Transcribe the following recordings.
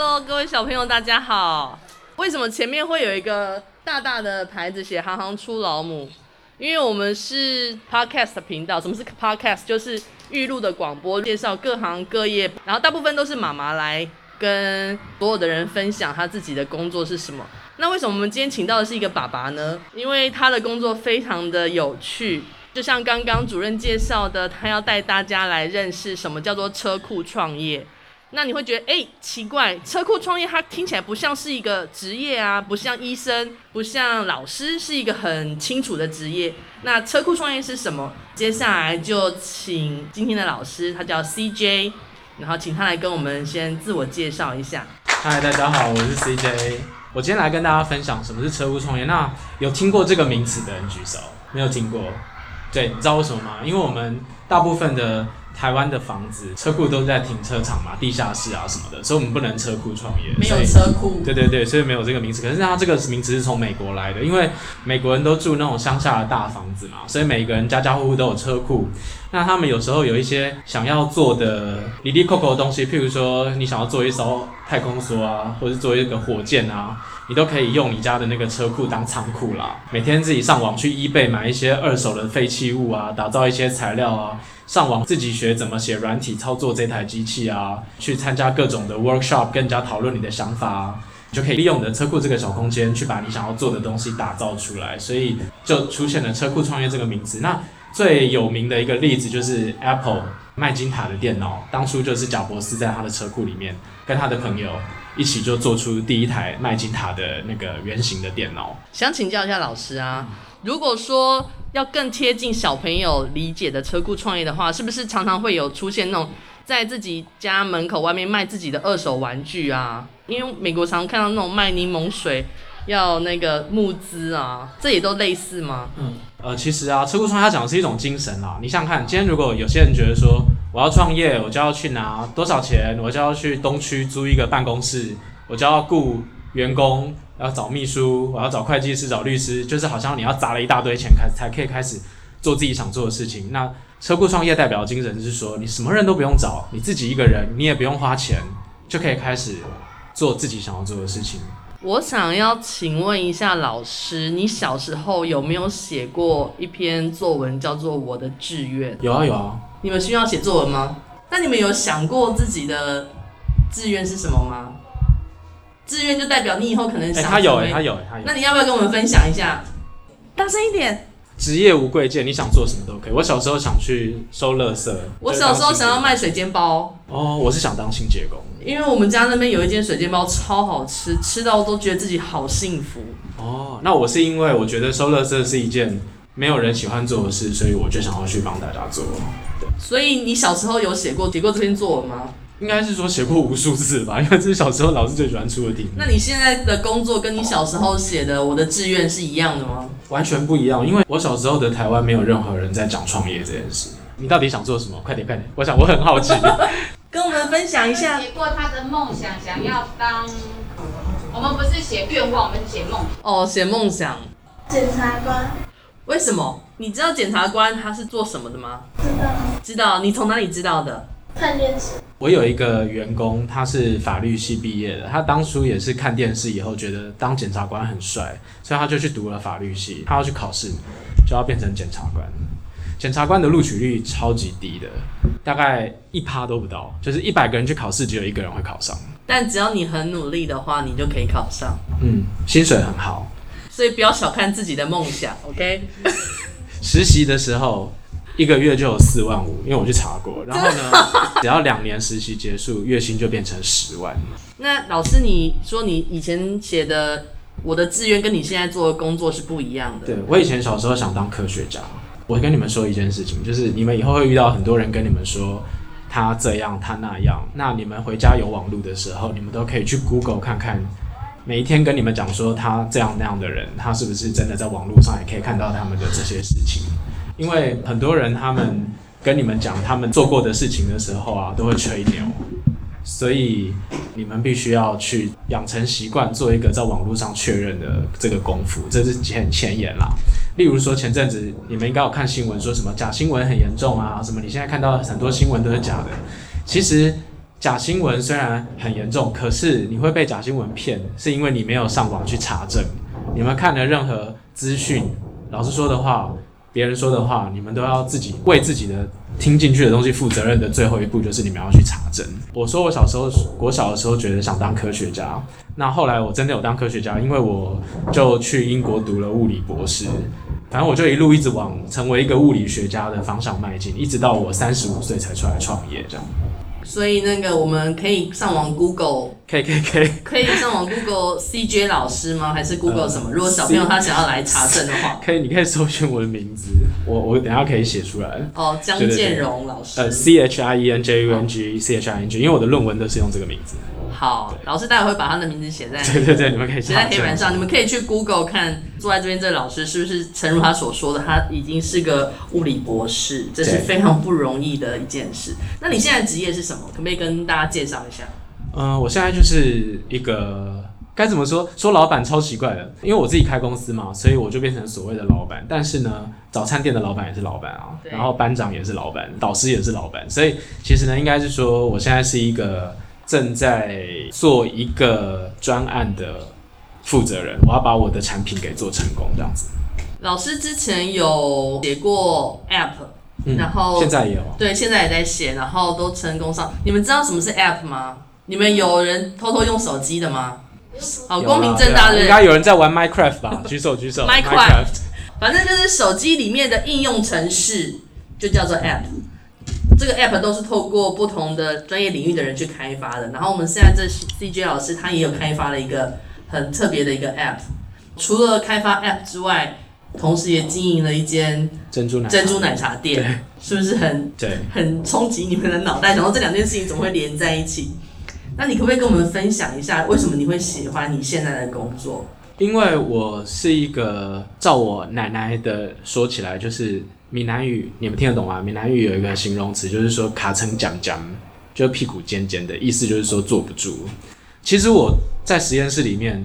Hello，各位小朋友，大家好。為什麼前面會有一個大大的牌子寫“行行出老母”？因為我們是 podcast 的頻道。什麼是 podcast？就是預錄的廣播，介紹各行各業。然後大部分都是媽媽來跟所有的人分享她自己的工作是什麼。那為什麼我們今天請到的是一個爸爸呢？因為他的工作非常的有趣。就像剛剛主任介紹的，他要帶大家來認識什麼叫做車庫創業。那你會覺得，哎、欸，奇怪，車庫創業它聽起來不像是一個職業啊，不像醫生，不像老師，是一個很清楚的職業。那車庫創業是什麼？接下來就請今天的老師，他叫 CJ，然後請他來跟我們先自我介紹一下。嗨，大家好，我是 CJ，我今天來跟大家分享什麼是車庫創業。那有聽過這個名詞的人舉手？沒有聽過。對，你知道為什麼嗎？因為我們大部分的。台灣的房子車庫都是在停車場嘛，地下室啊什麼的，所以我們不能車庫創業。沒有車庫。對對對，所以沒有這個名詞。可是它這個名詞是從美國來的，因為美國人都住那種鄉下的大房子嘛，所以每一個人家家戶戶都有車庫。那他們有時候有一些想要做的哩哩摳摳的東西，譬如說你想要做一艘太空梭啊，或者是做一個火箭啊。你都可以用你家的那個車庫當倉庫啦，每天自己上網去 eBay 買一些二手的廢棄物啊，打造一些材料啊，上網自己學怎麼寫軟體操作這台機器啊，去參加各種的 workshop 跟人家討論你的想法啊，你就可以利用你的車庫這個小空間去把你想要做的東西打造出來，所以就出現了車庫創業這個名詞。那最有名的一個例子就是 Apple 麥金塔的電腦，當初就是賈伯斯在他的車庫裡面跟他的朋友。一起就做出第一台麥金塔的那個原型的電腦。想請教一下老師啊，如果說要更貼近小朋友理解的車庫創業的話，是不是常常會有出現那種在自己家門口外面賣自己的二手玩具啊？因為美國常常看到那種賣檸檬水要那個募資啊，這也都類似嗎？嗯，呃，其實啊，車庫創業它講的是一種精神啊。你想想看，今天如果有些人覺得說。我要創業，我就要去拿多少錢，我就要去東區租一個辦公室，我就要雇員工，要找秘書，我要找會計師、找律師，就是好像你要砸了一大堆錢，開才可以開始做自己想做的事情。那車庫創業代表精神就是說，你什麼人都不用找，你自己一個人，你也不用花錢，就可以開始做自己想要做的事情。我想要請問一下老師，你小時候有沒有寫過一篇作文叫做《我的志願》？有啊，有啊。你們需要寫作文嗎？那你們有想過自己的志願是什麼嗎？志願就代表你以後可能想、欸……哎、欸欸欸，他有，他有，那你要不要跟我們分享一下？大聲一點！職業無貴賤，你想做什麼都可以。我小時候想去收垃圾。我小時候想要賣水煎包。哦，我是想當清潔工，因為我們家那邊有一間水煎包超好吃，吃到都覺得自己好幸福。哦，那我是因為我覺得收垃圾是一件。沒有人喜歡做的事，所以我就想要去幫大家做。所以你小時候有寫過、提過這篇作文嗎？應該是說寫過無數次吧，因為這是小時候老師最喜歡出的題。那你現在的工作跟你小時候寫的我的志願是一樣的嗎？完全不一樣，因為我小時候的台灣沒有任何人在講創業這件事。你到底想做什麼？快點，快點！我想，我很好奇。 跟我們分享一下。寫過他的夢想，想要當。嗯、我們不是寫願望，我們寫夢。哦，寫夢想。檢察官。為什麼？你知道檢察官他是做什麼的嗎？知道。知道。你從哪裡知道的？看電視。我有一個員工，他是法律系畢業的。他當初也是看電視以後，覺得當檢察官很帥，所以他就去讀了法律系。他要去考試，就要變成檢察官。檢察官的錄取率超級低的，大概一趴都不到，就是一百個人去考試，只有一個人會考上。但只要你很努力的話，你就可以考上。嗯，薪水很好。所以不要小看自己的夢想，OK？實習的時候一個月就有四萬五，因為我去查過。然後呢， 只要兩年實習結束，月薪就變成十萬。那老師，你說你以前寫的我的志願跟你現在做的工作是不一樣的？對，我以前小時候想當科學家。我跟你們說一件事情，就是你們以後會遇到很多人跟你們說他這樣他那樣，那你們回家有網絡的時候，你們都可以去 Google 看看。每一天跟你們講說他這樣那樣的人，他是不是真的在網絡上也可以看到他們的這些事情？因為很多人他們跟你們講他們做過的事情的時候啊，都會吹牛，所以你們必須要去養成習慣，做一個在網絡上確認的這個功夫，這是很前沿啦。例如說前陣子你們應該有看新聞，說什麼假新聞很嚴重啊，什麼你現在看到很多新聞都是假的，其實。假新聞雖然很嚴重，可是你會被假新聞騙，是因為你沒有上網去查證。你們看了任何資訊，老師說的話，別人說的話，你們都要自己為自己的聽進去的東西負責任的最後一步就是你們要去查證。我說我小時候，我小的時候覺得想當科學家，那後來我真的有當科學家，因為我就去英國讀了物理博士，反正我就一路一直往成為一個物理學家的方向邁進，一直到我三十五歲才出來創業這樣。所以那個，我們可以上網 Google，可，可以可以， 可以上網 Google C J 老師嗎？還是 Google 什麼？Um, 如果小朋友他想要來查證的話，C、可以，你可以搜尋我的名字，我我等下可以寫出來。哦、oh,，江健榕老師，呃、uh,，C H I E N J U N G C H I E N, G,、oh. H、I N G，因為我的論文都是用這個名字。好，對老師待會會把他的名字寫在對對對，你們可以寫在黑板上。的你們可以去 Google 看，坐在這邊這個老師是不是誠如他所說的，他已經是個物理博士，這是非常不容易的一件事。對那你現在的職業是什麼？可不可以跟大家介紹一下？嗯、呃，我現在就是一個該怎麼說？說老闆超奇怪的，因為我自己開公司嘛，所以我就變成所謂的老闆。但是呢，早餐店的老闆也是老闆啊，對然後班長也是老闆，導師也是老闆。所以其實呢，應該是說我現在是一個。正在做一個專案的負責人，我要把我的產品給做成功這樣子。老師之前有寫過 App，、嗯、然後現在也有對，現在也在寫，然後都成功上。你們知道什麼是 App 嗎？你們有人偷偷用手機的嗎？好，光啦明正大，應該有人在玩 Minecraft 吧？ 舉手，舉手。 Minecraft，, Minecraft 反正就是手機裡面的應用程式就叫做 App。這個 app 都是透過不同的專業領域的人去開發的。然後我們現在這 CJ 老師他也有開發了一個很特別的一個 app。除了開發 app 之外，同時也經營了一間珍珠奶茶店，茶是不是很對很衝擊你們的腦袋？然後這兩件事情怎麼會連在一起？那你可不可以跟我們分享一下為什麼你會喜歡你現在的工作？因為我是一個照我奶奶的說起來就是。閩南語你們聽得懂嗎？閩南語有一個形容詞，就是說“卡成講講，就屁股尖尖的，意思就是說坐不住。其實我在實驗室裡面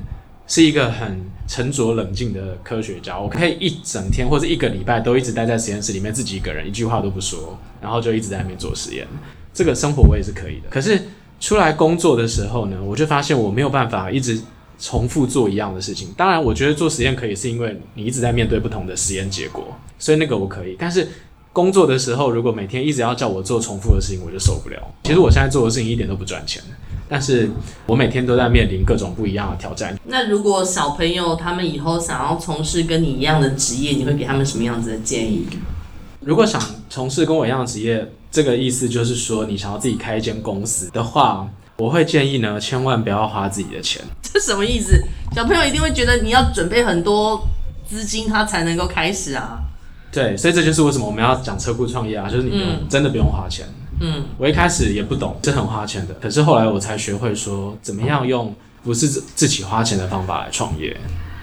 是一個很沉着冷靜的科學家，我可以一整天或者一個禮拜都一直待在實驗室裡面，自己一個人一句話都不說，然後就一直在那邊做實驗。這個生活我也是可以的。可是出來工作的時候呢，我就發現我沒有辦法一直。重複做一樣的事情，當然，我覺得做實驗可以，是因為你一直在面對不同的實驗結果，所以那個我可以。但是工作的時候，如果每天一直要叫我做重複的事情，我就受不了了。其實我現在做的事情一點都不賺錢，但是我每天都在面臨各種不一樣的挑戰。那如果小朋友他們以後想要從事跟你一樣的職業，你會給他們什麼樣子的建議？如果想從事跟我一樣的職業，這個意思就是說，你想要自己開一間公司的話。我會建議呢，千萬不要花自己的錢。這什麼意思？小朋友一定會覺得你要準備很多資金，他才能夠開始啊。對，所以這就是為什麼我們要講車庫創業啊，就是你們、嗯、真的不用花錢。嗯，我一開始也不懂，這很花錢的。可是後來我才學會說，怎麼樣用不是自己花錢的方法來創業。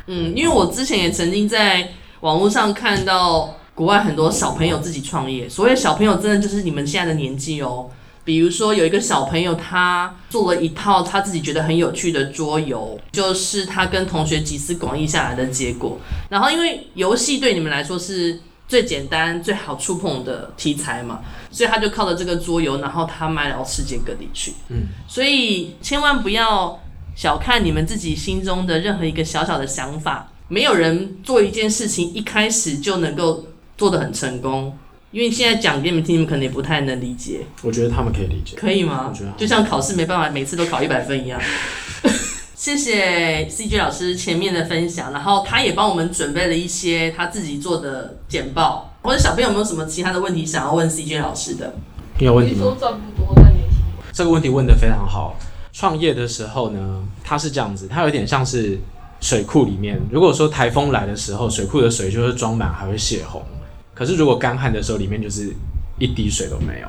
嗯，因為我之前也曾經在網絡上看到國外很多小朋友自己創業，所以小朋友真的就是你們現在的年紀哦。比如說，有一個小朋友，他做了一套他自己覺得很有趣的桌遊，就是他跟同學集思廣益下來的結果。然後，因為遊戲對你們來說是最簡單、最好觸碰的題材嘛，所以他就靠着這個桌遊，然後他賣到世界各地去。嗯，所以千萬不要小看你們自己心中的任何一個小小的想法。沒有人做一件事情一開始就能夠做得很成功。因為現在講給你們聽，你們可能也不太能理解。我覺得他們可以理解。可以嗎？就像考試沒辦法每次都考一百分一樣。 謝謝 CJ 老師前面的分享，然後他也幫我們準備了一些他自己做的簡報。或者小朋友有沒有什麼其他的問題想要問 CJ 老師的？你有問題嗎？你說賺不多，但也這個問題問得非常好。創業的時候呢，他是這樣子，他有點像是水庫裡面，如果說颱風來的時候，水庫的水就會裝滿，還會洩洪。可是，如果乾旱的時候，裡面就是一滴水都沒有，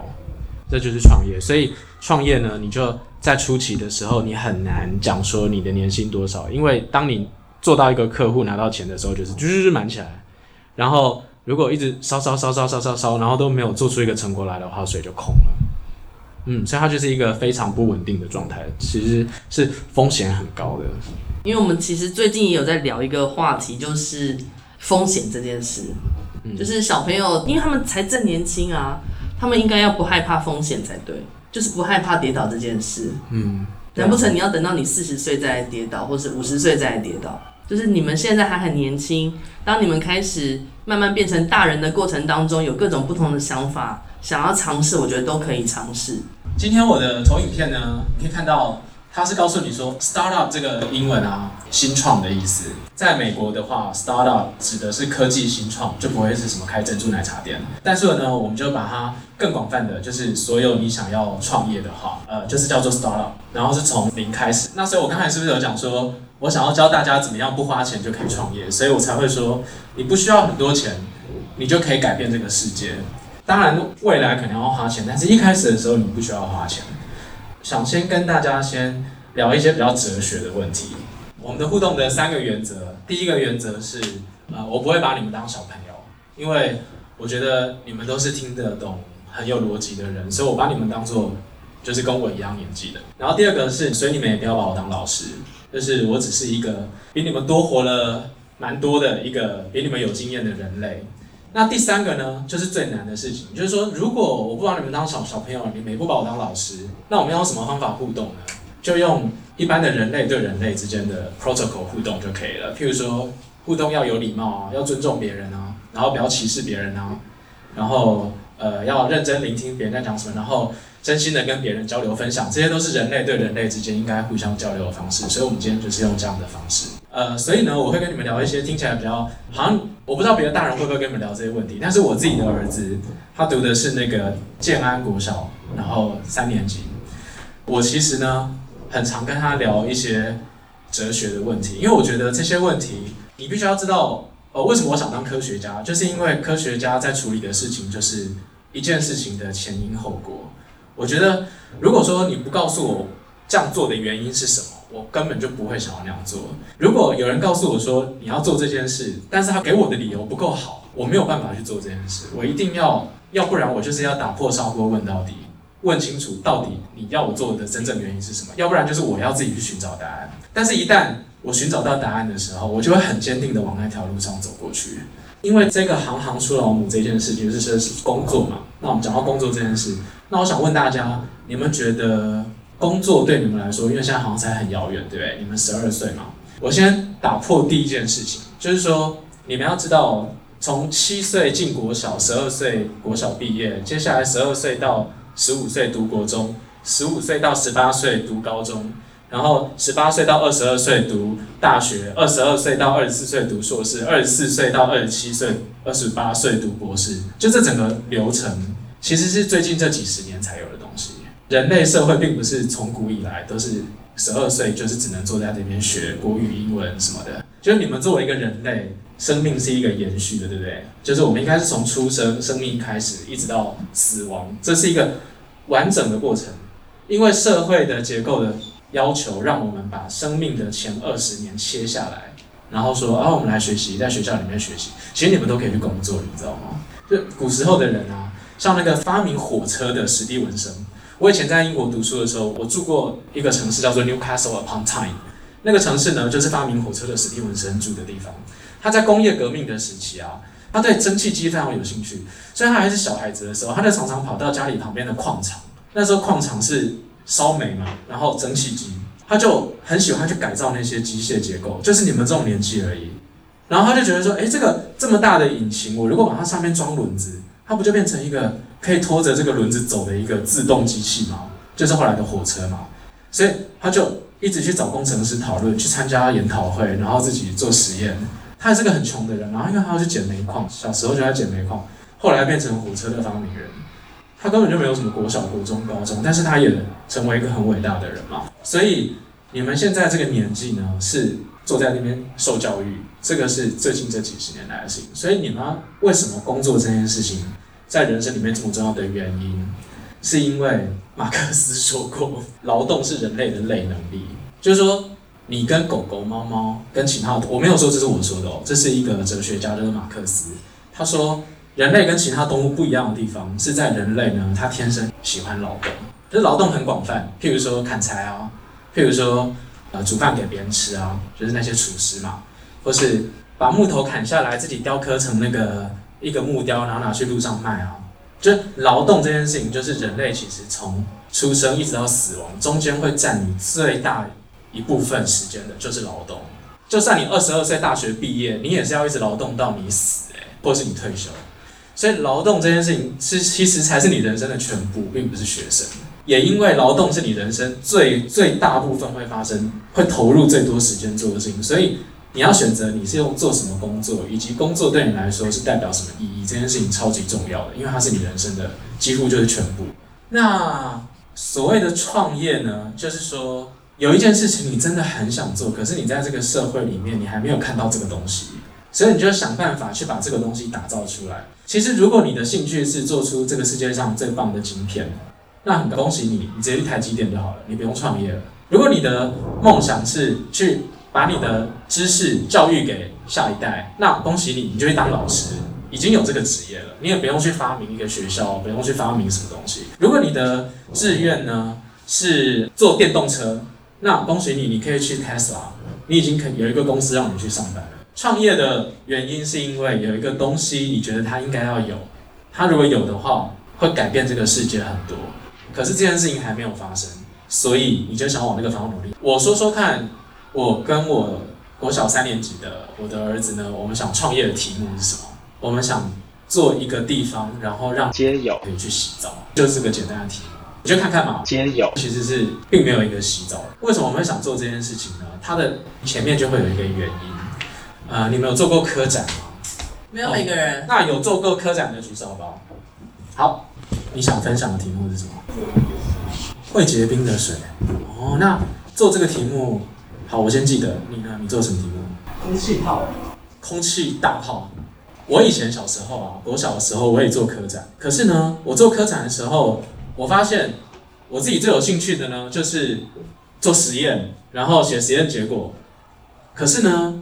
這就是創業。所以創業呢，你就在初期的時候，你很難講說你的年薪多少，因為當你做到一個客戶拿到錢的時候，就是滋滋滋滿起來。然後，如果一直燒燒燒燒燒燒燒，然後都沒有做出一個成果來的話，水就空了。嗯，所以它就是一個非常不穩定的狀態，其實是風險很高的。因為我們其實最近也有在聊一個話題，就是風險這件事。就是小朋友，嗯、因為他們才正年輕啊，他們應該要不害怕風險才對，就是不害怕跌倒這件事。嗯，啊、難不成你要等到你四十歲再來跌倒，或是五十歲再來跌倒？就是你們現在還很年輕，當你們開始慢慢變成大人的過程當中，有各種不同的想法，想要嘗試，我覺得都可以嘗試。今天我的投影片呢，你可以看到。他是告訴你說，startup 這個英文啊，新創的意思，在美國的話，startup 指的是科技新創，就不會是什麼開珍珠奶茶店。但是呢，我們就把它更廣泛的，就是所有你想要創業的話，呃，就是叫做 startup，然後是從零開始。那所以我剛才是不是有講說，我想要教大家怎麼樣不花錢就可以創業，所以我才會說，你不需要很多錢，你就可以改變這個世界。當然，未來可能要花錢，但是一開始的時候，你不需要花錢。想先跟大家先聊一些比較哲學的問題。我們的互動的三個原則，第一個原則是，呃，我不會把你們當小朋友，因為我覺得你們都是聽得懂、很有邏輯的人，所以我把你們當做就是跟我一樣年紀的。然後第二個是，所以你們也不要把我當老師，就是我只是一個比你們多活了蠻多的一個比你們有經驗的人類。那第三個呢，就是最難的事情，就是說，如果我不把你們當小小朋友，你們也不把我當老師，那我們要用什麼方法互動呢？就用一般的人類對人類之間的 protocol 互動就可以了。譬如說，互動要有禮貌啊，要尊重別人啊，然後不要歧視別人啊，然後呃，要認真聆聽別人在講什麼，然後真心的跟別人交流分享，這些都是人類對人類之間應該互相交流的方式。所以我們今天就是用這樣的方式。呃，所以呢，我會跟你們聊一些聽起來比較好像，我不知道別的大人會不會跟你們聊這些問題，但是我自己的兒子，他讀的是那個建安國小，然後三年級，我其實呢，很常跟他聊一些哲學的問題，因為我覺得這些問題，你必須要知道，呃，為什麼我想當科學家，就是因為科學家在處理的事情就是一件事情的前因後果，我覺得如果說你不告訴我這樣做的原因是什麼，我根本就不會想要那樣做。如果有人告訴我說你要做這件事，但是他給我的理由不夠好，我沒有辦法去做這件事。我一定要，要不然我就是要打破砂鍋問到底，問清楚到底你要我做的真正原因是什麼。要不然就是我要自己去尋找答案。但是一旦我尋找到答案的時候，我就會很堅定的往那條路上走過去。因為這個行行出老母這件事，就是說是工作嘛，那我們講到工作這件事，那我想問大家，你們覺得？工作對你們來說，因為現在好像才很遙遠，對不對？你們十二歲嘛，我先打破第一件事情，就是說你們要知道，從七歲進國小，十二歲國小畢業，接下來十二歲到十五歲讀國中，十五歲到十八歲讀高中，然後十八歲到二十二歲讀大學，二十二歲到二十四歲讀碩士，二十四歲到二十七歲、二十八歲讀博士，就這整個流程，其實是最近這幾十年才有。人類社會並不是從古以來都是十二歲就是只能坐在那邊學國語、英文什麼的。就是你們作為一個人類，生命是一個延續的，對不對？就是我們應該是從出生、生命開始，一直到死亡，這是一個完整的過程。因為社會的結構的要求，讓我們把生命的前二十年切下來，然後說啊，我們來學習，在學校裡面學習。其實你們都可以去工作，你知道嗎？就古時候的人啊，像那個發明火車的史蒂文森。我以前在英國讀書的時候，我住過一個城市，叫做 Newcastle upon Tyne。那個城市呢，就是發明火車的史蒂文森住的地方。他在工業革命的時期啊，他對蒸汽機非常有興趣。所以他還是小孩子的時候，他就常常跑到家裡旁邊的礦場。那時候礦場是燒煤嘛、啊，然後蒸汽機，他就很喜歡去改造那些機械結構，就是你們這種年紀而已。然後他就覺得說，哎、欸，這個這麼大的引擎，我如果把它上面裝輪子，它不就變成一個？可以拖着這個輪子走的一個自動機器嘛，就是後來的火車嘛。所以他就一直去找工程師討論，去參加研討會，然後自己做實驗。他是個很窮的人，然後因為他要去撿煤礦，小時候就要撿煤礦，後來變成火車的發明人。他根本就沒有什麼國小、國中、高中，但是他也成為一個很偉大的人嘛。所以你們現在這個年紀呢，是坐在那邊受教育，這個是最近這幾十年來的事情。所以你們、啊、為什麼工作這件事情？在人生裡面這麼重要的原因，是因為馬克思說過，勞動是人類的類能力。就是說，你跟狗狗、貓貓跟其他，我沒有說這是我說的哦，這是一個哲學家，就是馬克思。他說，人類跟其他動物不一樣的地方是在人類呢，他天生喜歡勞動，就是勞動很廣泛。譬如說砍柴啊，譬如說呃煮飯給別人吃啊，就是那些廚師嘛，或是把木頭砍下來自己雕刻成那個。一個木雕，然後拿去路上賣啊！就是勞動這件事情，就是人類其實從出生一直到死亡，中間會占你最大一部分時間的，就是勞動。就算你二十二歲大學畢業，你也是要一直勞動到你死、欸，或是你退休。所以勞動這件事情是，是其實才是你人生的全部，並不是學生。也因為勞動是你人生最最大部分會發生、會投入最多時間做的事情，所以。你要選擇你是用做什麼工作，以及工作對你來說是代表什麼意義，這件事情超級重要的，因為它是你人生的幾乎就是全部。那所謂的創業呢，就是說有一件事情你真的很想做，可是你在這個社會裡面你還沒有看到這個東西，所以你就要想辦法去把這個東西打造出來。其實如果你的興趣是做出這個世界上最棒的晶片，那很恭喜你，你直接去台積電就好了，你不用創業了。如果你的夢想是去把你的知識教育給下一代，那恭喜你，你就會當老師，已經有這個職業了，你也不用去發明一個學校，不用去發明什麼東西。如果你的志願呢，是做電動車，那恭喜你，你可以去 Tesla，你已經可有一個公司讓你去上班了。創業的原因是因為有一個東西你覺得它應該要有，它如果有的話會改變這個世界很多，可是這件事情還沒有發生，所以你就想要往那個方向努力。我說說看。我跟我國小三年級的我的兒子呢，我們想創業的題目是什麼？我們想做一個地方，然後讓街友可以去洗澡，就是個簡單的題目。你就看看嘛，街友其實是並沒有一個洗澡。為什麼我們會想做這件事情呢？它的前面就會有一個原因。呃，你們有做過科展嗎？沒有一個人。哦，那有做過科展的舉手，好不好？好。你想分享的題目是什麼？會結有冰的水。哦，那做這個題目。好，我先記得你呢？你做什麼題目？空氣炮，空氣大炮。我以前小時候啊，我小的時候我也做科展，可是呢，我做科展的時候，我發現我自己最有興趣的呢，就是做實驗，然後寫實驗結果。可是呢，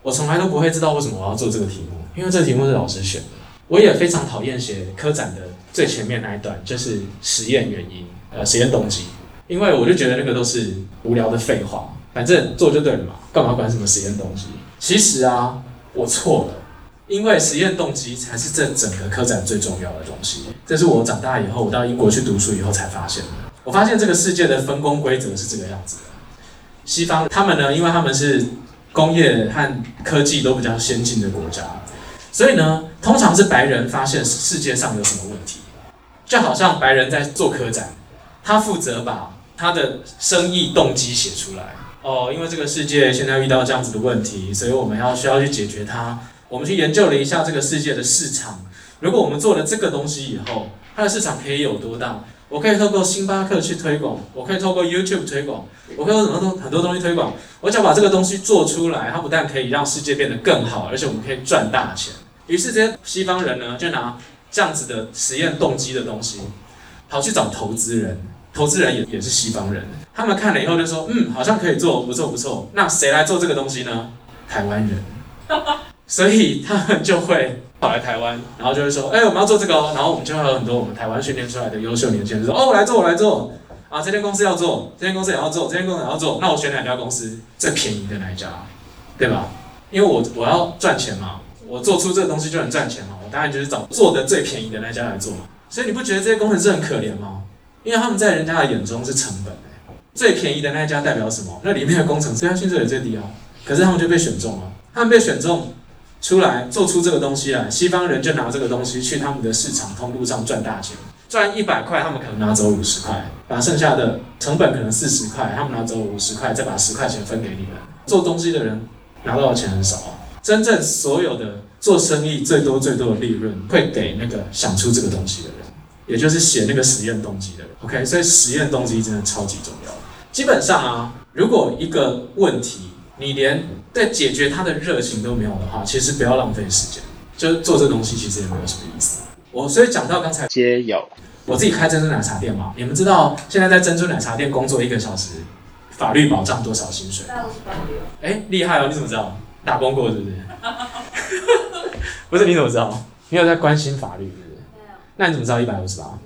我從來都不會知道為什麼我要做這個題目，因為這個題目是老師選的。我也非常討厭寫科展的最前面那一段，就是實驗原因，呃，實驗動機，因為我就覺得那個都是無聊的廢話。反正做就對了嘛，幹嘛管什麼實驗動機？其實啊，我錯了，因為實驗動機才是這整個科展最重要的東西。這是我長大以後，我到英國去讀書以後才發現的。我發現這個世界的分工規則是這個樣子的：西方他們呢，因為他們是工業和科技都比較先進的國家，所以呢，通常是白人發現世界上有什麼問題，就好像白人在做科展，他負責把他的生意動機寫出來。哦，因為這個世界現在遇到這樣子的問題，所以我們要需要去解決它。我們去研究了一下這個世界的市場，如果我們做了這個東西以後，它的市場可以有多大？我可以透過星巴克去推廣，我可以透過 YouTube 推廣，我可以透過很多很多很多東西推廣。我想把這個東西做出來，它不但可以讓世界變得更好，而且我們可以賺大錢。於是這些西方人呢，就拿這樣子的實驗動機的東西，跑去找投資人，投資人也也是西方人。他們看了以後就說，嗯，好像可以做，不錯不錯。那誰來做這個東西呢？台灣人。 所以他們就會跑來台灣，然後就會說，哎、欸，我們要做這個，哦，然後我們就會有很多我們台灣訓練出來的優秀年輕人說，哦，我來做，我來做。啊，這間公司要做，這間公司也要做，這間公司也要做。那我選哪家公司，最便宜的那一家，對吧？因為我我要賺錢嘛，我做出這個東西就能賺錢嘛，我當然就是找做的最便宜的那家來做嘛。所以你不覺得這些工程師很可憐嗎？因為他們在人家的眼中是成本。最便宜的那家代表什麼？那裡面的工程師他薪水也最低啊、喔，可是他們就被選中了。他們被選中出來做出這個東西來，西方人就拿這個東西去他們的市場通路上賺大錢。賺一百塊，他們可能拿走五十塊，把剩下的成本可能四十塊，他們拿走五十塊，再把十塊錢分給你們。做東西的人拿到的錢很少啊。真正所有的做生意最多最多的利潤會給那個想出這個東西的人，也就是寫那個實驗動機的人。OK，所以實驗動機真的超級重要。基本上啊，如果一個問題你連對解決它的熱情都沒有的話，其實不要浪費時間，就做這東西其實也沒有什麼意思。我所以講到剛才我自己開珍珠奶茶店嘛，你們知道現在在珍珠奶茶店工作一個小時，法律保障多少薪水？一百五十八。哎，厲害哦！你怎麼知道？打工過對不對？不是，你怎麼知道？你有在關心法律，對不對？那你怎麼知道一百五十八？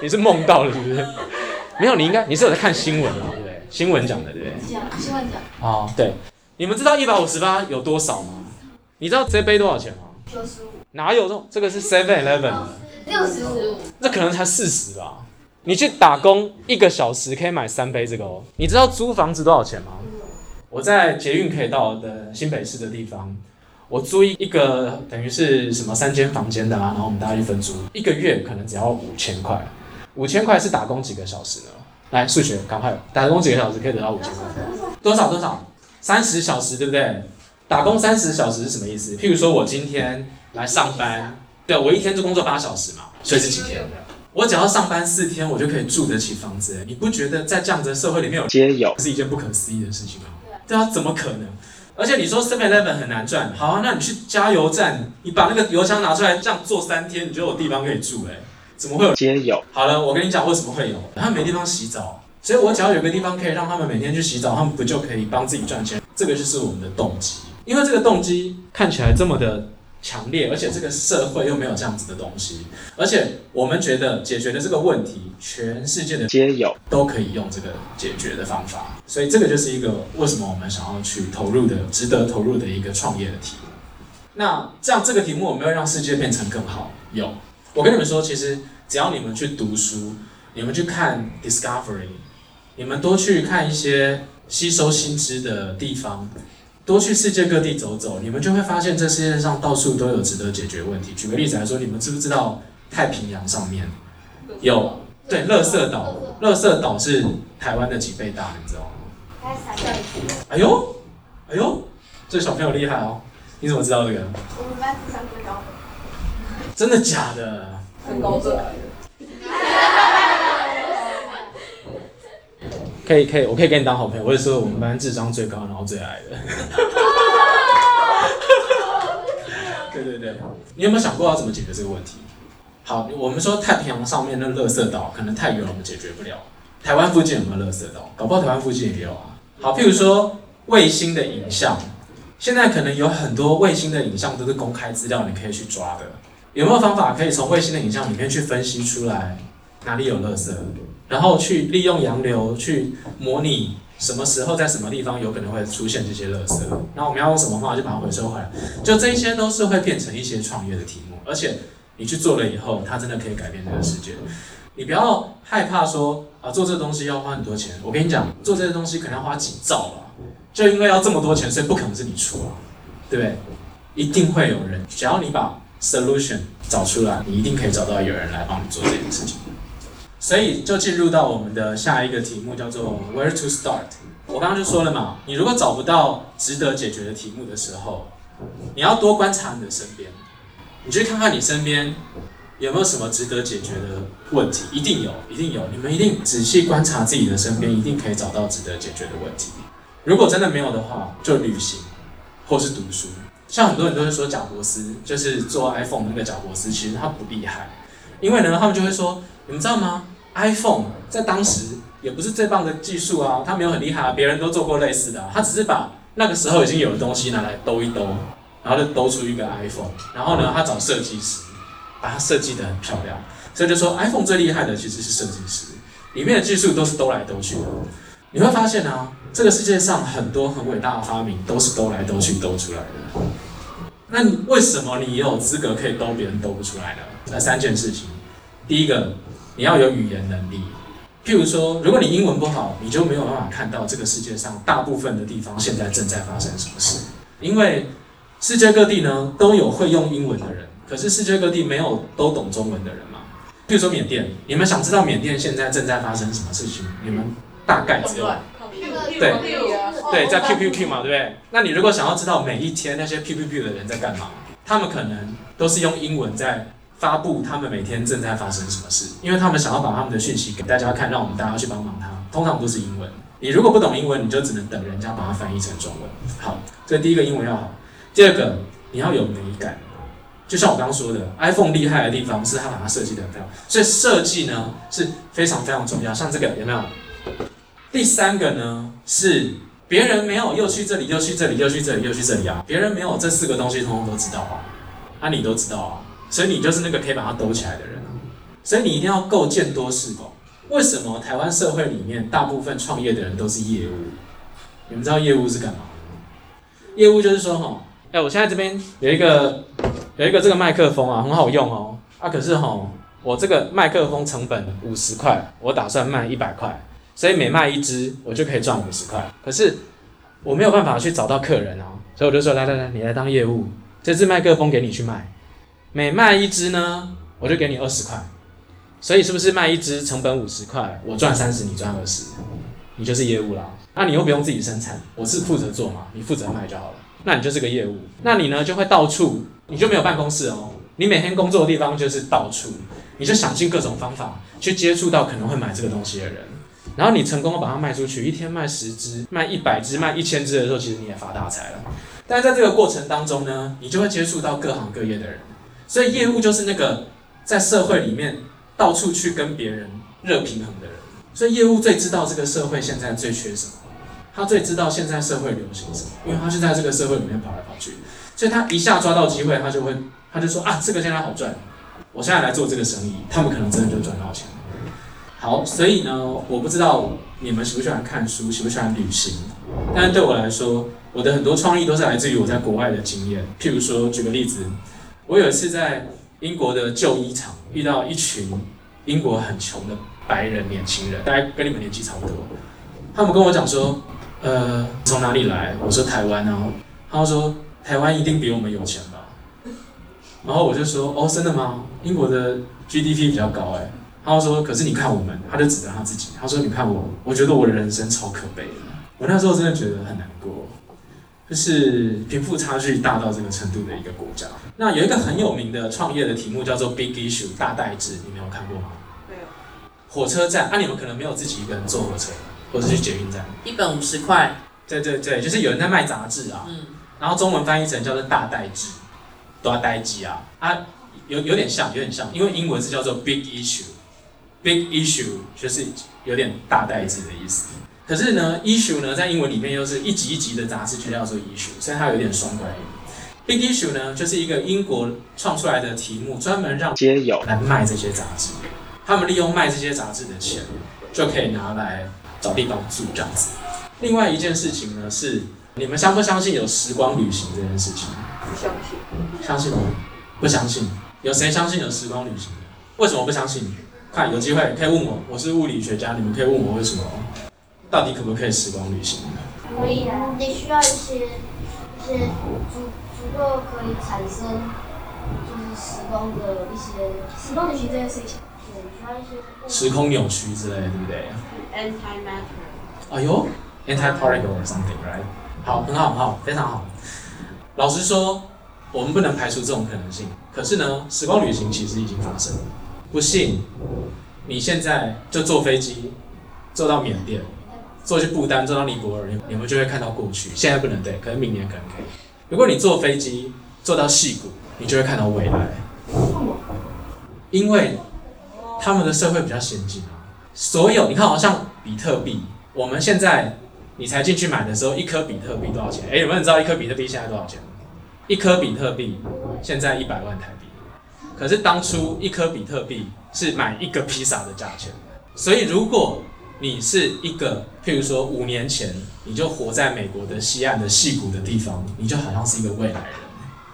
你是夢到了，是不是？沒有，你應該你是有在看新聞嘛？對，對新聞講的，對不對？新聞講。哦、對。你們知道一百五十八有多少嗎？你知道這杯多少錢嗎？六十五。哪有這種？這個是 Seven Eleven 的。六十五。那 16 5. 可能才四十吧。你去打工一個小時可以買三杯這個哦。你知道租房子多少錢嗎？嗯、我在捷運可以到的新北市的地方，我租一一個等於是什麼三間房間的啊。然後我們大家一分租，一個月可能只要五千塊。五千塊是打工幾個小時呢？來，數學，趕快！打工幾個小時可以得到五千塊？多少多少？三十小時，對不對？打工三十小時是什麼意思？譬如說我今天來上班，啊、對我一天就工作八小時嘛，所以是幾天？對我只要上班四天，我就可以住得起房子。誒。你不覺得在這樣子的社會裡面有天有是一件不可思議的事情嗎？對啊，怎麼可能？而且你說 Seven Eleven 很難賺，好、啊，那你去加油站，你把那個油箱拿出來，這樣做三天，你就有地方可以住。誒？怎麼會有街友？好了，我跟你講為什麼會有。他沒地方洗澡，所以我只要有個地方可以讓他們每天去洗澡，他們不就可以幫自己賺錢？這個就是我們的動機。因為這個動機看起來這麼的強烈，而且這個社會又沒有這樣子的東西，而且我們覺得解決的這個問題，全世界的街友都可以用這個解決的方法。所以這個就是一個為什麼我們想要去投入的、值得投入的一個創業的題目。那這樣這個題目有沒有讓世界變成更好？有。我跟你們說，其實只要你們去讀書，你們去看 Discovery，你們多去看一些吸收新知的地方，多去世界各地走走，你們就會發現這世界上到處都有值得解決問題。舉個例子來說，你們知不知道太平洋上面有對垃圾島？垃圾島是台灣的幾倍大？你知道嗎？哎呦，哎呦，這小朋友厲害哦！你怎麼知道這個？我們班是小島。真的假的？很高最矮的。可以可以，我可以給你當好朋友。我也是我們班智商最高，然後最矮的。 對對對，你有沒有想過要怎麼解決這個問題？好，我們說太平洋上面那垃圾島可能太遠了，我們解決不了。台灣附近有沒有垃圾島？搞不好台灣附近也有啊。好，譬如說衛星的影像，現在可能有很多衛星的影像都是公開資料，你可以去抓的。有沒有方法可以從衛星的影像裡面去分析出來哪裡有垃圾，然後去利用洋流去模擬什麼時候在什麼地方有可能會出現這些垃圾？那我們要用什麼方法去把它回收回來？就這些都是會變成一些創業的題目，而且你去做了以後，它真的可以改變這個世界。你不要害怕說啊，做這個東西要花很多錢。我跟你講，做這些東西可能要花幾兆了，就因為要這麼多錢，所以不可能是你出啊，對不對？一定會有人，只要你把。Solution 找出來，你一定可以找到有人來幫你做這件事情。所以就進入到我們的下一個題目，叫做 Where to start。我剛剛就說了嘛，你如果找不到值得解決的題目的時候，你要多觀察你的身邊，你去看看你身邊有沒有什麼值得解決的問題，一定有，一定有。你們一定仔細觀察自己的身邊，一定可以找到值得解決的問題。如果真的沒有的話，就旅行，或是讀書。像很多人都是說賈伯斯，就是做 iPhone 的那個賈伯斯，其實他不厲害，因為呢，他們就會說，你們知道嗎？iPhone 在當時也不是最棒的技術啊，他沒有很厲害，別人都做過類似的啊，他只是把那個時候已經有的東西拿來兜一兜，然後就兜出一個 iPhone，然後呢，他找設計師把它設計得很漂亮，所以就說 iPhone 最厲害的其實是設計師，裡面的技術都是兜來兜去的。你會發現呢、啊，這個世界上很多很偉大的發明都是兜來兜去兜出來的。那你為什麼你也有資格可以兜別人兜不出來呢？那三件事情，第一個，你要有語言能力。譬如說，如果你英文不好，你就沒有辦法看到這個世界上大部分的地方現在正在發生什麼事。因為世界各地呢都有會用英文的人，可是世界各地沒有都懂中文的人嘛。譬如說緬甸，你們想知道緬甸現在正在發生什麼事情，你們大概知道。哦對對，在 Q Q Q 嘛，對不對？那你如果想要知道每一天那些 Q Q Q 的人在幹嘛，他們可能都是用英文在發布他們每天正在發生什麼事，因為他們想要把他們的訊息給大家看，讓我們大家去幫忙他。通常都是英文，你如果不懂英文，你就只能等人家把它翻譯成中文。好，這個、第一個英文要好，第二個你要有美感。就像我剛剛說的，iPhone 厲害的地方是他把它設計得很漂亮，所以設計呢是非常非常重要。像這個有沒有？第三個呢是別人沒有，又去這裡，又去這裡，又去這裡，又去這裡啊！別人沒有這四個東西，通通都知道啊，啊你都知道啊，所以你就是那個可以把它兜起來的人啊！所以你一定要夠見多識廣哦。為什麼台灣社會裡面大部分創業的人都是業務？你們知道業務是幹嘛的嗎？業務就是說哦，哈，哎，我現在這邊有一個有一個這個麥克風啊，很好用哦。啊，可是哈哦，我這個麥克風成本五十塊，我打算賣一百塊。所以每賣一支，我就可以賺五十塊。可是我沒有辦法去找到客人哦、啊，所以我就說：來來來，你來當業務，這支麥克風給你去賣。每賣一支呢，我就給你二十塊。所以是不是賣一支成本五十塊，我賺三十，你賺二十，你就是業務啦。那你又不用自己生產，我是負責做嘛，你負責賣就好了。那你就是個業務。那你呢，就會到處，你就沒有辦公室哦，你每天工作的地方就是到處，你就想盡各種方法去接觸到可能會買這個東西的人。然後你成功把它賣出去，一天賣十只，賣一百只，賣一千只的時候，其實你也發大財了。但在這個過程當中呢，你就會接觸到各行各業的人，所以業務就是那個在社會裡面到處去跟別人熱平衡的人。所以業務最知道這個社會現在最缺什麼，他最知道現在社會流行什麼，因為他是在這個社會裡面跑來跑去。所以他一下抓到機會，他就會，他就說啊，這個現在好賺，我現在來做這個生意，他們可能真的就賺到錢。好，所以呢，我不知道你們喜不喜歡看書，喜不喜歡旅行，但是對我來說，我的很多創意都是來自於我在國外的經驗。譬如說，舉個例子，我有一次在英國的舊衣廠遇到一群英國很窮的白人年輕人，大概跟你們年紀差不多。他們跟我講說：“呃，從哪裡來？”我說：“台灣啊。”他們說：“台灣一定比我們有錢吧？”然後我就說：“哦，真的嗎？英國的 GDP 比較高哎。”他說：“可是你看我們。”他就指著他自己。他說：“你看我，我覺得我的人生超可悲的。我那時候真的覺得很難過，就是貧富差距大到這個程度的一個國家。那有一個很有名的創業的題目叫做《Big Issue》大代志，你沒有看過嗎？沒有。火車站，那、啊、你們可能沒有自己一個人坐火車，或者去捷運站，一本五十塊。對對對，就是有人在賣雜誌啊。嗯、然後中文翻譯成叫做大《大代志》，大代誌啊，它、啊、有有點像，有點像，因為英文是叫做《Big Issue》。” Big issue 就是有點大袋子的意思，可是呢，issue 呢在英文裡面又是一集一集的雜誌，全叫做 issue，所以它有點雙關。Big issue 呢就是一個英國創出來的題目，專門讓街友來賣這些雜誌，他們利用賣這些雜誌的錢就可以拿來找地方住這樣子。另外一件事情呢是，你們相不相信有時光旅行這件事情？不相信。相信嗎？不相信。有誰相信有時光旅行的？為什麼不相信你？看有機會可以問我，我是物理學家，你們可以問我為什麼到底可不可以時光旅行？可以啊，你需要一些一些足足夠可以產生就是時光的一些時光旅行這些事情，你需要一些什麼？時空扭曲之類，對不對？Antimatter。Ant 哎呦，Antiparticle or something, right？好，很好，很好，非常好。老實說，我們不能排除這種可能性。可是呢，時光旅行其實已經發生了，不信。你現在就坐飛機坐到緬甸，坐去不丹，坐到尼泊爾，你們就會看到過去。現在不能對，可是明年可能可以。如果你坐飛機坐到矽谷，你就會看到未來，因為他們的社會比較先進啊。所有你看，好像比特幣，我們現在你才進去買的時候，一顆比特幣多少錢？哎，有沒有人知道一顆比特幣現在多少錢？一顆比特幣現在一百萬台幣。可是當初一顆比特幣是買一個披薩的價錢，所以如果你是一個，譬如說五年前你就活在美國的西岸的矽谷的地方，你就好像是一個未來人，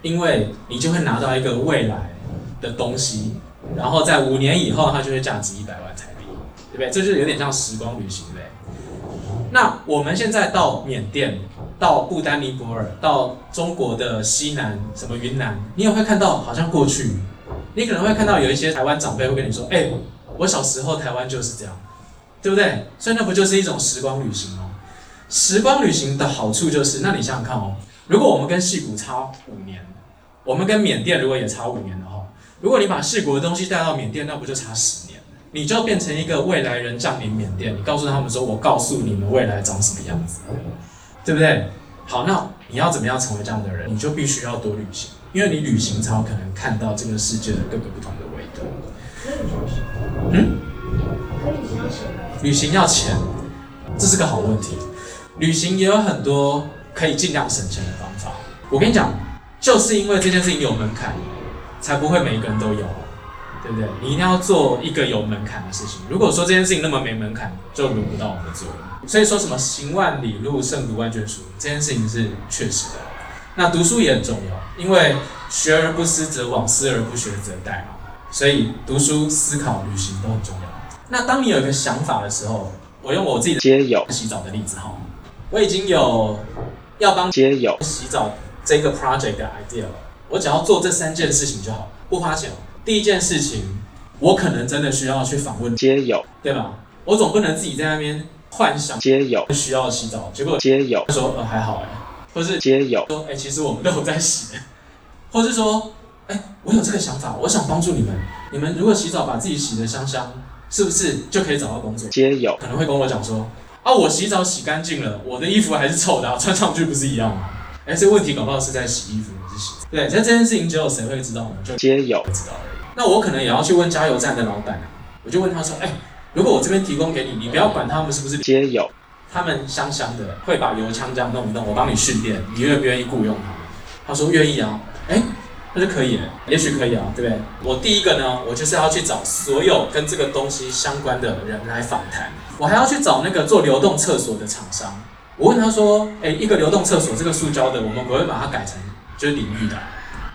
因為你就會拿到一個未來的東西，然後在五年以後它就會價值一百萬台幣，對不對？這就是有點像時光旅行類。那我們現在到緬甸、到不丹尼泊爾、到中國的西南什麼雲南，你也會看到好像過去。你可能會看到有一些台灣長輩會跟你說：“哎、欸，我小時候台灣就是這樣，對不對？”所以那不就是一種時光旅行嗎？時光旅行的好處就是，那你想想看哦，如果我們跟矽谷差五年，我們跟緬甸如果也差五年的話，如果你把矽谷的東西帶到緬甸，那不就差十年？你就變成一個未來人降臨緬甸，你告訴他們說：“我告訴你們未來長什麼樣子，對不對？”好，那你要怎麼樣成為這樣的人？你就必須要多旅行。因為你旅行，才有可能看到這個世界的各個不同的維度。錢、嗯。旅行要錢，這是個好問題。旅行也有很多可以盡量省錢的方法。我跟你講，就是因為這件事情有門檻，才不會每一個人都有，對不對？你一定要做一個有門檻的事情。如果說這件事情那麼沒門檻，就輪不到我們做。所以說什麼行萬里路勝讀萬卷書，這件事情是確實的。那讀書也很重要，因為學而不思則罔，思而不學則殆嘛。所以讀書、思考、旅行都很重要。那當你有一個想法的時候，我用我自己的潔友洗澡的例子哈，我已經有要幫潔友洗澡這個 project 的 idea 了，我只要做這三件事情就好，不花錢。第一件事情，我可能真的需要去訪問潔友，對吧？我總不能自己在那邊幻想潔友需要洗澡，結果潔友他說、呃、還好哎、欸。不是皆有說、欸，其實我們都有在洗，或是說，哎、欸，我有這個想法，我想幫助你們。你們如果洗澡把自己洗得香香，是不是就可以找到工作？皆有可能會跟我講說，啊，我洗澡洗乾淨了，我的衣服還是臭的、啊，穿上去不是一樣嗎？哎、欸，這問題搞不好是在洗衣服，還是洗？對，像這件事情只有誰會知道呢？就皆有知道而已。有那我可能也要去問加油站的老闆，我就問他說，哎、欸，如果我這邊提供給你，你不要管他們是不是皆有。他們香香的，會把油槍這樣弄一弄，我幫你訓練，你願不願意僱傭他？他說願意啊，哎，那就可以哎，也許可以啊，對不對？我第一個呢，我就是要去找所有跟這個東西相關的人來訪談，我還要去找那個做流動廁所的廠商。我問他說，誒，一個流動廁所，這個塑膠的，我們可不可以把它改成就是淋浴的，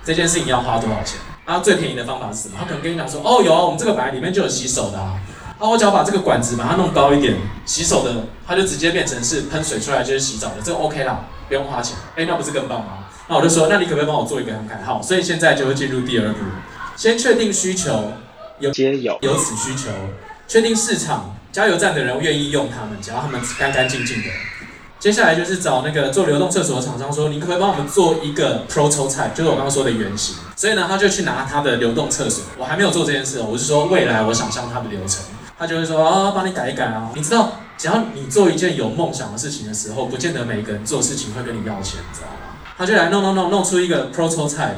這件事情要花多少錢？他、啊、最便宜的方法是什麼？他可能跟你講說，哦有、啊，我們這個板裡面就有洗手的、啊。那、哦、我只要把這個管子把它弄高一點，洗手的它就直接變成是噴水出來就是洗澡的，這個 OK 啦，不用花錢。哎，那不是更棒嗎？那我就說，那你可不可以幫我做一個樣台？好，所以現在就會進入第二步，先確定需求，有街友，有，有此需求，確定市場，加油站的人願意用他們，只要他們乾乾淨淨的。接下來就是找那個做流動廁所的廠商說，你可不可以幫我們做一個 prototype，就是我剛剛說的原型。所以呢，他就去拿他的流動廁所。我還沒有做這件事，我是說未來我想象它的流程。他就會說啊，幫你改一改啊，你知道，只要你做一件有夢想的事情的時候，不見得每一個人做事情會跟你要錢，你知道嗎？他就來弄弄弄，弄出一個 prototype。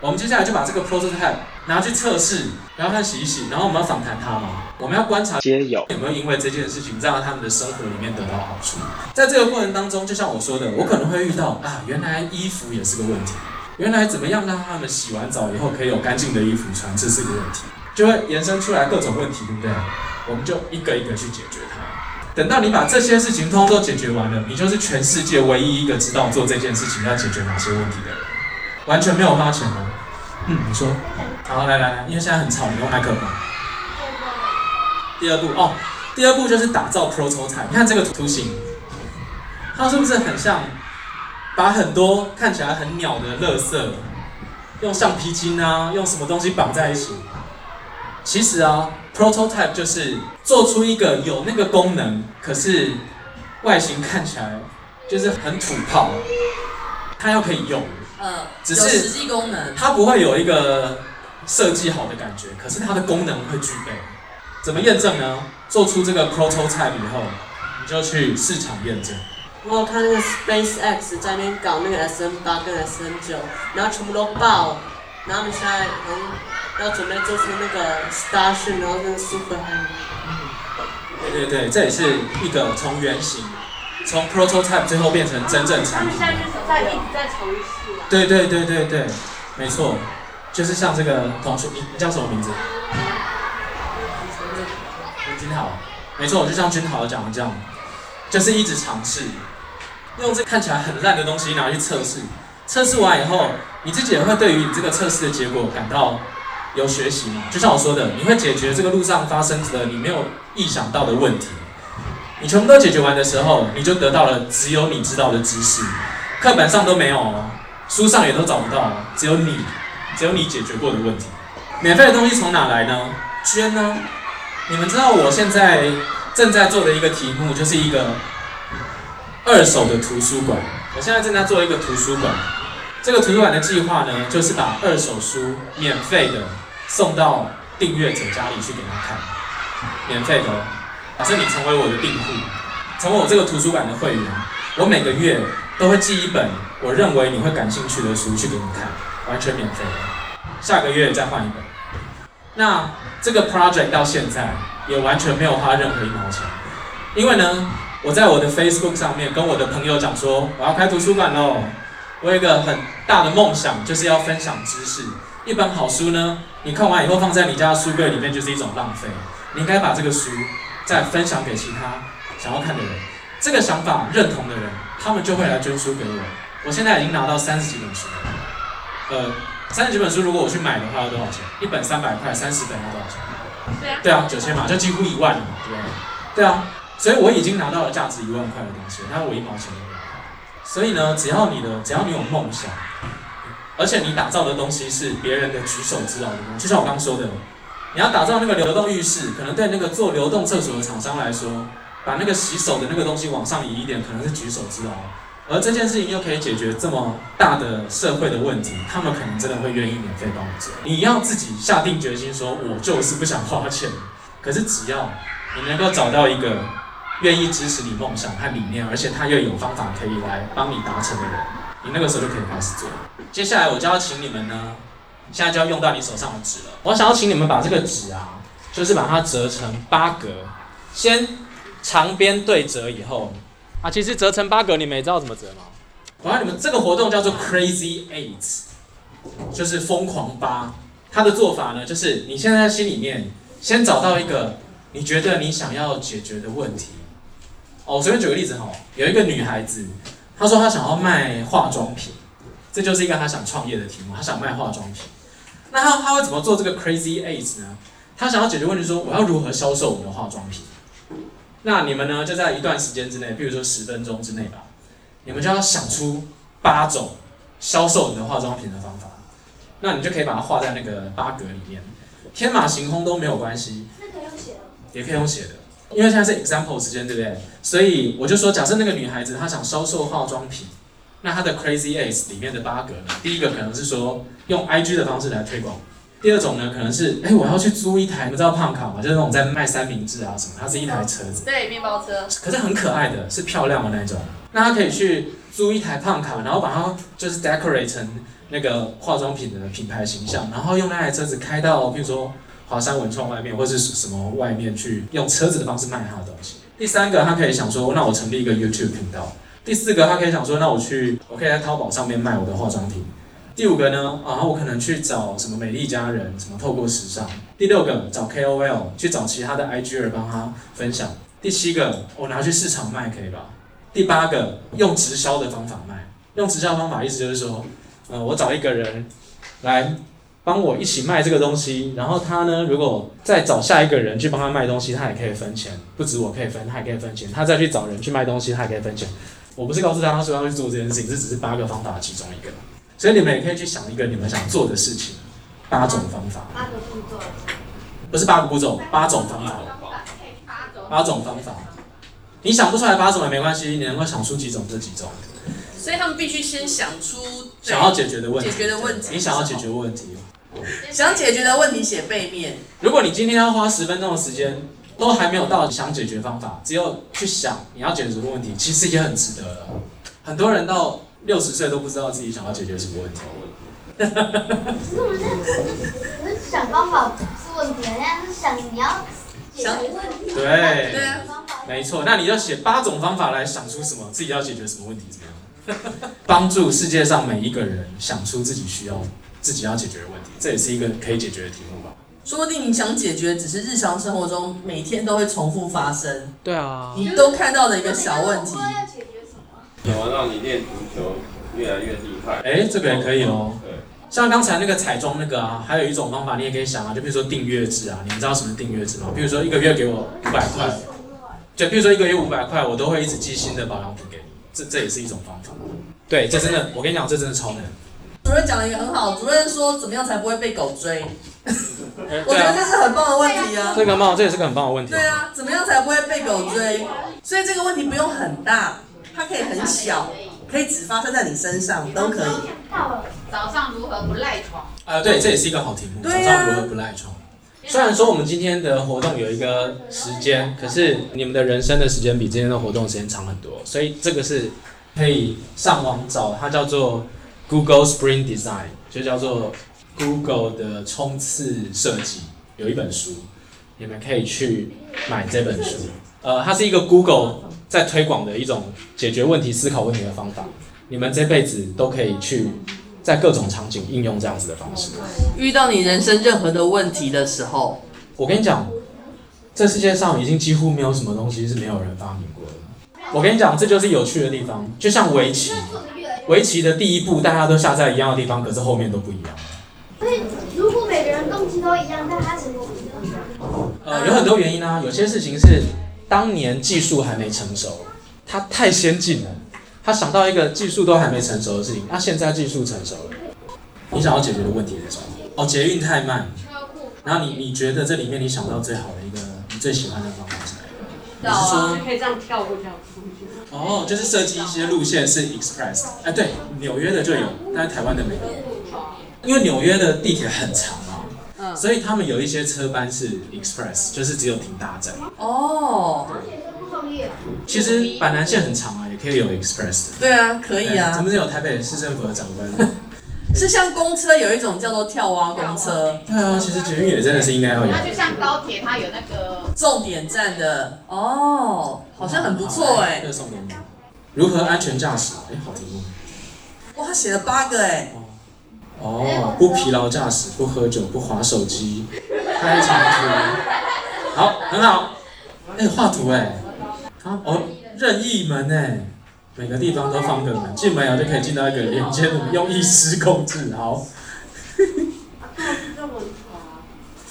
我們接下來就把這個 prototype 拿去測試，然後他洗一洗，然後我們要訪談他嘛，我們要觀察有沒有因為這件事情在他們的生活裡面得到好處。在這個過程當中，就像我說的，我可能會遇到啊，原來衣服也是個問題，原來怎麼樣讓他們洗完澡以後可以有乾淨的衣服穿，這是一個問題。就會延伸出來各種問題，對不對？我們就一個一個去解決它。等到你把這些事情通通都解決完了，你就是全世界唯一一個知道做這件事情要解決哪些問題的人。完全沒有花錢的。嗯，你說，好，好來來來，因為現在很吵，你用麥克風。第二步，第二步哦，第二步就是打造 prototype 圖。你看這個圖形，它是不是很像把很多看起來很鳥的垃圾，用橡皮筋啊，用什麼東西綁在一起？其實啊，prototype 就是做出一個有那個功能，可是外形看起來就是很土炮，它又可以用，嗯、呃，只是實際功能，它不會有一個設計好的感覺，呃、可是它的功能會具備。怎麼驗證呢？做出這個 prototype 以後，你就去市場驗證。我有看那個 SpaceX 在那邊搞那個 SN 八跟 SN 九，然後全部都爆，然後我們現在從。要準備做出那個 starship，然後那個 superhan 嗯，對對對，這也是一個從原型，從 prototype 最後變成真正產品。嘗試、啊。對、啊、對對對對，沒錯，就是像這個同學，你你叫什麼名字？林、嗯、君豪，沒錯，我就像君豪講的這樣，就是一直嘗試，用這個看起來很爛的東西拿去測試，測試完以後，你自己也會對於你這個測試的結果感到。有學習嗎？就像我說的，你會解決這個路上發生的你沒有意想到的問題。你全部都解決完的時候，你就得到了只有你知道的知識，課本上都沒有，書上也都找不到了，只有你，只有你解決過的問題。免費的東西從哪來呢？捐呢？你們知道我現在正在做的一個題目，就是一個二手的圖書館。我現在正在做一個圖書館。這個圖書館的計劃呢，就是把二手書，免費的送到訂閱者家裡去給他看，免費的。保證你成為我的訂戶，成為我這個圖書館的會員，我每個月都會寄一本我認為你會感興趣的書去給你看，完全免費的。下個月再換一本。那這個 project 到現在也完全沒有花任何一毛錢，因為呢，我在我的 Facebook 上面跟我的朋友講說，我要開圖書館嘍。我有一個很大的夢想，就是要分享知識。一本好書呢，你看完以後放在你家的書櫃裡面就是一種浪費。你應該把這個書再分享給其他想要看的人。這個想法認同的人，他們就會來捐書給我。我現在已經拿到三十幾本書了。呃，三十幾本書如果我去買的話要多少錢？一本三百塊，三十本要多少錢？對啊，對啊。九千嘛，就幾乎一萬了嘛，對嗎？對啊，所以我已經拿到了價值一萬塊的東西，那我一毛錢所以呢，只要你的，只要你有夢想，而且你打造的東西是別人的舉手之勞的東西，就像我剛剛說的，你要打造那個流動浴室，可能對那個做流動廁所的廠商來說，把那個洗手的那個東西往上移一點，可能是舉手之勞，而這件事情又可以解決這麼大的社會的問題，他們可能真的會願意免費幫你做。你要自己下定決心說，我就是不想花錢，可是只要你能夠找到一個。願意支持你夢想和理念，而且他又有方法可以來幫你達成的人，你那個時候就可以開始做。接下來我就要請你們呢，現在就要用到你手上的紙了。我想要請你們把這個紙啊，就是把它折成八格，先長邊對折以後，啊，其實折成八格你們也知道怎麼折嗎？我要你們這個活動叫做 Crazy Eight，就是瘋狂八。它的做法呢，就是你現在心裡面先找到一個你覺得你想要解決的問題。哦，隨便舉個例子哈，有一個女孩子，她說她想要賣化妝品，這就是一個她想創業的題目，她想賣化妝品。那她她會怎麼做這個 Crazy 8s 呢？她想要解決問題，說我要如何銷售我們的化妝品？那你們呢？就在一段時間之內，比如說十分鐘之內吧，你們就要想出八種銷售你的化妝品的方法。那你就可以把它畫在那個八格裡面，天馬行空都沒有關係。那可以用寫、哦、也可以用寫的。因為現在是 example 時間，對不對？所以我就說，假設那個女孩子，她想銷售化妝品，那她的 Crazy 8s 裡面的八格呢？第一個可能是說用 IG 的方式來推廣；第二種呢，可能是哎，我要去租一台，你們知道胖卡嗎？就是那種在賣三明治啊什麼，它是一台車子，哦、對，麵包車。可是很可愛的是漂亮的那一種。那她可以去租一台胖卡，然後把它就是 decorate 成那個化妝品的品牌形象，然後用那台車子開到，比如說。華山文創外面，或是什麼外面去用車子的方式賣他的東西。第三個，他可以想說，那我成立一個 YouTube 頻道。第四個，他可以想說，那我去，我可以在淘寶上面賣我的化妝品。第五個呢，啊，我可能去找什麼美麗佳人，什麼透過時尚。第六個，找 KOL 去找其他的 IGer 幫他分享。第七個，我拿去市場賣，可以吧？第八個，用直銷的方法賣。用直銷的方法，意思就是說，呃，我找一個人來。幫我一起賣這個東西，然後他呢，如果再找下一個人去幫他賣東西，他也可以分錢，不止我可以分，他也可以分錢。他再去找人去賣東西，他也可以分錢。我不是告訴他，他說要去做這件事情，這只是八個方法的其中一個。所以你們也可以去想一個你們想做的事情，八種方法。八個步驟。不是八個步驟，八種方法。八種方法。你想不出來八種也沒關係，你能夠想出幾種，這幾種。所以他們必須先想出想要解決的問題。解決的問題的。你想要解決問題。想解決的問題寫背面。如果你今天要花十分鐘的時間，都還沒有到想解決方法，只有去想你要解決什麼問題，其實也很值得了。很多人到六十歲都不知道自己想要解決什麼問題。哈哈哈哈，在想方法做是問是想你要解決問題。問題對，對啊，沒錯。那你要寫八種方法來想出什麼自己要解決什麼問題，怎麼樣？幫 助世界上每一個人想出自己需要自己要解決的問題，這也是一個可以解決的題目吧？說不定你想解決只是日常生活中每天都會重複發生，對啊，你都看到的一個小問題。要解決什麼、啊？怎麼讓你練足球越來越厲害？哎，這個也可以哦。對，像剛才那個彩妝那個啊，還有一種方法你也可以想啊，就比如說訂閱制啊，你們知道什麼訂閱制嗎？比如說一個月給我五百塊，對，就比如說一個月五百塊，我都會一直寄新的保養品給你，這這也是一種方法。對，這真的，對我跟你講，這真的超難。主任講的也很好，主任說怎麼樣才不會被狗追？Okay, 我覺得這是很棒的問題啊！這個帽，這也是個很棒的問題、啊。對啊，怎麼樣才不會被狗追？所以這個問題不用很大，它可以很小，可以只發生在你身上都可以。到了早上如何不賴床？呃，對，這也是一個好題目。啊、早上如何不賴床？雖然說我們今天的活動有一個時間，可是你們的人生的時間比今天的活動時間長很多，所以這個是可以上網找，它叫做。Google Spring Design 就叫做 Google 的衝刺設計，有一本書，你們可以去買這本書。呃，它是一個 Google 在推廣的一種解決問題、思考問題的方法，你們這輩子都可以去在各種場景應用這樣子的方式。遇到你人生任何的問題的時候，我跟你講，這世界上已經幾乎沒有什麼東西是沒有人發明過的。我跟你講，這就是有趣的地方，就像圍棋。圍棋的第一步大家都下在一樣的地方，可是後面都不一樣。所以如果每個人動機都一樣，那他成果不一樣。呃，有很多原因啊。有些事情是當年技術還沒成熟，它太先進了，他想到一個技術都還沒成熟的事情。那現在技術成熟了，你想要解決的問題是什麼？哦，捷運太慢。然後你你覺得這裡面你想到最好的一個你最喜歡的方法？你是說、啊、就可以這樣跳過跳出去？哦，就是設計一些路線是 express 啊、哎，對，紐約的就有，但是台灣的沒有，因為紐約的地鐵很長啊，所以他們有一些車班是 express，就是只有停大站。哦，對，其實板南線很長啊，也可以有 express 的。對啊，可以啊，咱們這有台北市政府的長官？ 是像公車有一種叫做跳蛙公車，對啊，其實捷運也真的是應該要。那就像高鐵，它有那個重點站的哦，好像很不錯哎。重點，如何安全駕駛？哎、欸，好題目。哇，寫了八個哎。哦。不疲勞駕駛，不喝酒，不滑手機，開長途。好，很好。哎、欸，畫圖哎、欸。哦，任意門哎、欸。每個地方都放個門，進門後、啊、就可以進到一個連接圖，用意識控制。好。我看到麼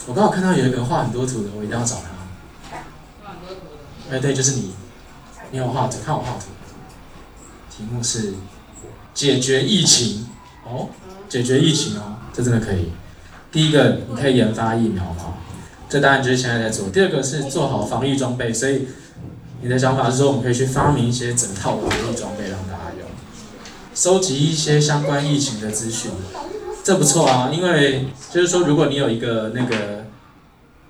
我剛好看到有一個畫很多圖的，我一定要找他。畫很多圖、哎、對，就是你，你有畫圖，看我畫圖。題目是解決疫情哦，解決疫情哦、啊，這真的可以。第一個，你可以研發疫苗，哈，這當然就是現在在做。第二個是做好防疫裝備，所以。你的想法是說我們可以去發明一些整套防疫裝備讓大家用，收集一些相關疫情的資訊，這不錯啊！因為就是說，如果你有一個那個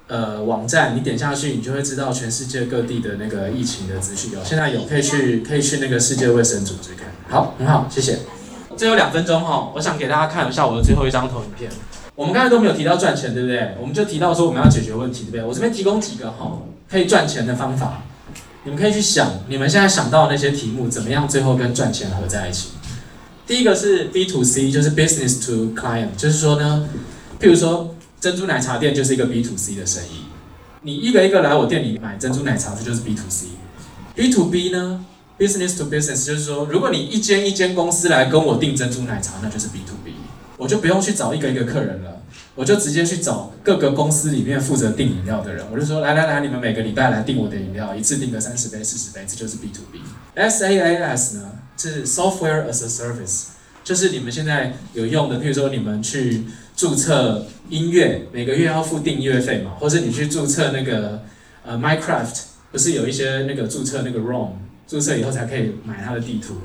呃網站，你點下去，你就會知道全世界各地的那個疫情的資訊。有現在有，可以去可以去那個世界衛生組織看。好，很好，謝謝。最後兩分鐘哈，我想給大家看一下我的最後一張投影片。我們剛才都沒有提到賺錢，對不對？我們就提到說我們要解決問題，對不對？我這邊提供幾個哈可以賺錢的方法。你們可以去想，你們現在想到的那些題目，怎麼樣最後跟賺錢合在一起？第一個是 B to C，就是 business to client，就是說呢，譬如說珍珠奶茶店就是一個 B to C 的生意，你一個一個來我店裡買珍珠奶茶，這就是 B to C。B to B 呢，business to business，就是說，如果你一間一間公司來跟我訂珍珠奶茶，那就是 B to B，我就不用去找一個一個客人了。我就直接去找各個公司裡面負責訂飲料的人，我就說來來來，你們每個禮拜來訂我的飲料，一次訂個三十杯、四十杯，這就是 B to B。SaaS 呢，就是 Software as a Service，就是你們現在有用的，比如說你們去註冊音樂，每個月要付訂閱費嘛，或是你去註冊那個呃、uh, Minecraft，不是有一些那個註冊那個 ROM，註冊以後才可以買它的地圖，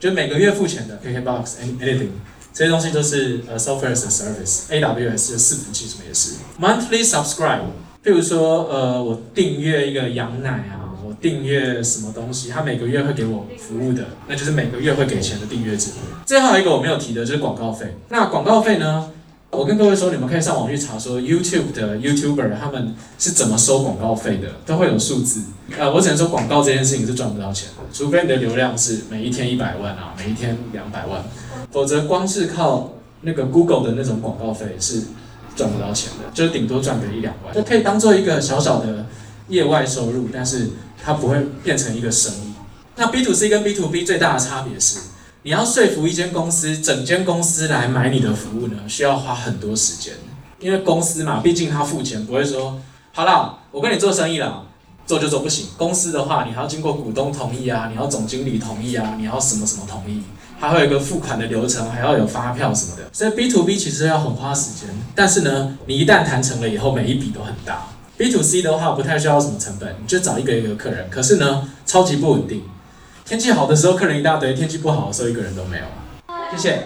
就每個月付錢的 KKBOX Anything .這些東西都是呃 software service，A W S as a Service, AWS 的伺服器。什麼也是 monthly subscribe，譬如說呃我訂閱一個羊奶啊，我訂閱什麼東西，它每個月會給我服務的，那就是每個月會給錢的訂閱制。最後一個我沒有提的就是廣告費，那廣告費呢？我跟各位說，你們可以上網去查說 YouTube 的 YouTuber 他們是怎麼收廣告費的，都會有數字。呃，我只能說廣告這件事情是賺不到錢的，除非你的流量是每一天一百萬啊，每一天兩百萬，否則光是靠那個 Google 的那種廣告費是賺不到錢的，就是頂多賺個一兩萬，就可以當做一個小小的業外收入，但是它不會變成一個生意。那 B to C 跟 B to B 最大的差別是。你要說服一間公司，整間公司來買你的服務呢，需要花很多時間，因為公司嘛，畢竟他付錢，不會說，好啦，我跟你做生意啦，做就做不行。公司的話，你還要經過股東同意啊，你要總經理同意啊，你要什麼什麼同意，還會有一個付款的流程，還要有發票什麼的。所以 B to B 其實要很花時間，但是呢，你一旦談成了以後，每一筆都很大。B to C 的話，不太需要什麼成本，你就找一個一個客人，可是呢，超級不穩定。天氣好的時候，客人一大堆；天氣不好的時候，一個人都沒有啊。謝謝。